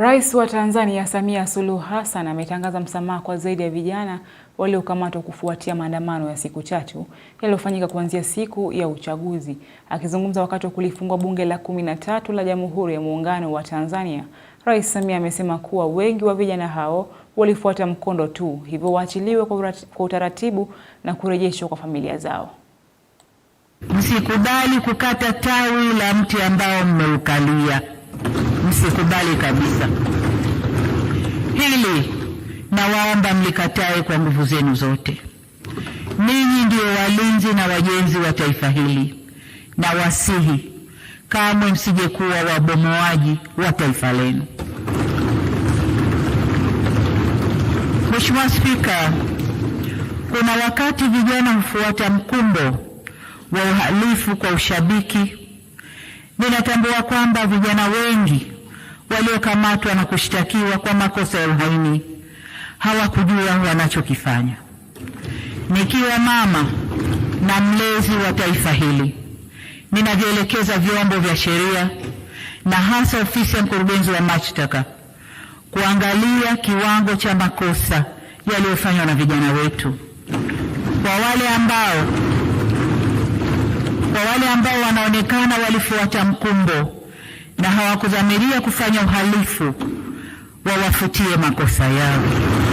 Rais wa Tanzania Samia Suluhu Hassan ametangaza msamaha kwa zaidi ya vijana waliokamatwa kufuatia maandamano ya siku tatu yaliyofanyika kuanzia siku ya uchaguzi. Akizungumza wakati wa kulifungua Bunge la kumi na tatu la Jamhuri ya Muungano wa Tanzania, Rais Samia amesema kuwa wengi wa vijana hao walifuata mkondo tu, hivyo waachiliwe kwa utaratibu na kurejeshwa kwa familia zao. Msikubali kukata tawi la mti ambao mmeukalia msikubali kabisa hili, na waomba mlikatae kwa nguvu zenu zote. Ninyi ndio walinzi na wajenzi wa taifa hili, na wasihi kamwe msijekuwa wabomoaji wa taifa lenu. Mheshimiwa Spika, kuna wakati vijana hufuata mkumbo wa uhalifu kwa ushabiki. Ninatambua kwamba vijana wengi waliokamatwa na kushtakiwa kwa makosa ya uhaini hawakujua wanachokifanya. Nikiwa mama na mlezi wa taifa hili, ninavyoelekeza vyombo vya sheria na hasa ofisi ya mkurugenzi wa mashtaka kuangalia kiwango cha makosa yaliyofanywa na vijana wetu. Kwa wale ambao, kwa wale ambao wanaonekana walifuata mkumbo na hawakudhamiria kufanya uhalifu wawafutie makosa yao.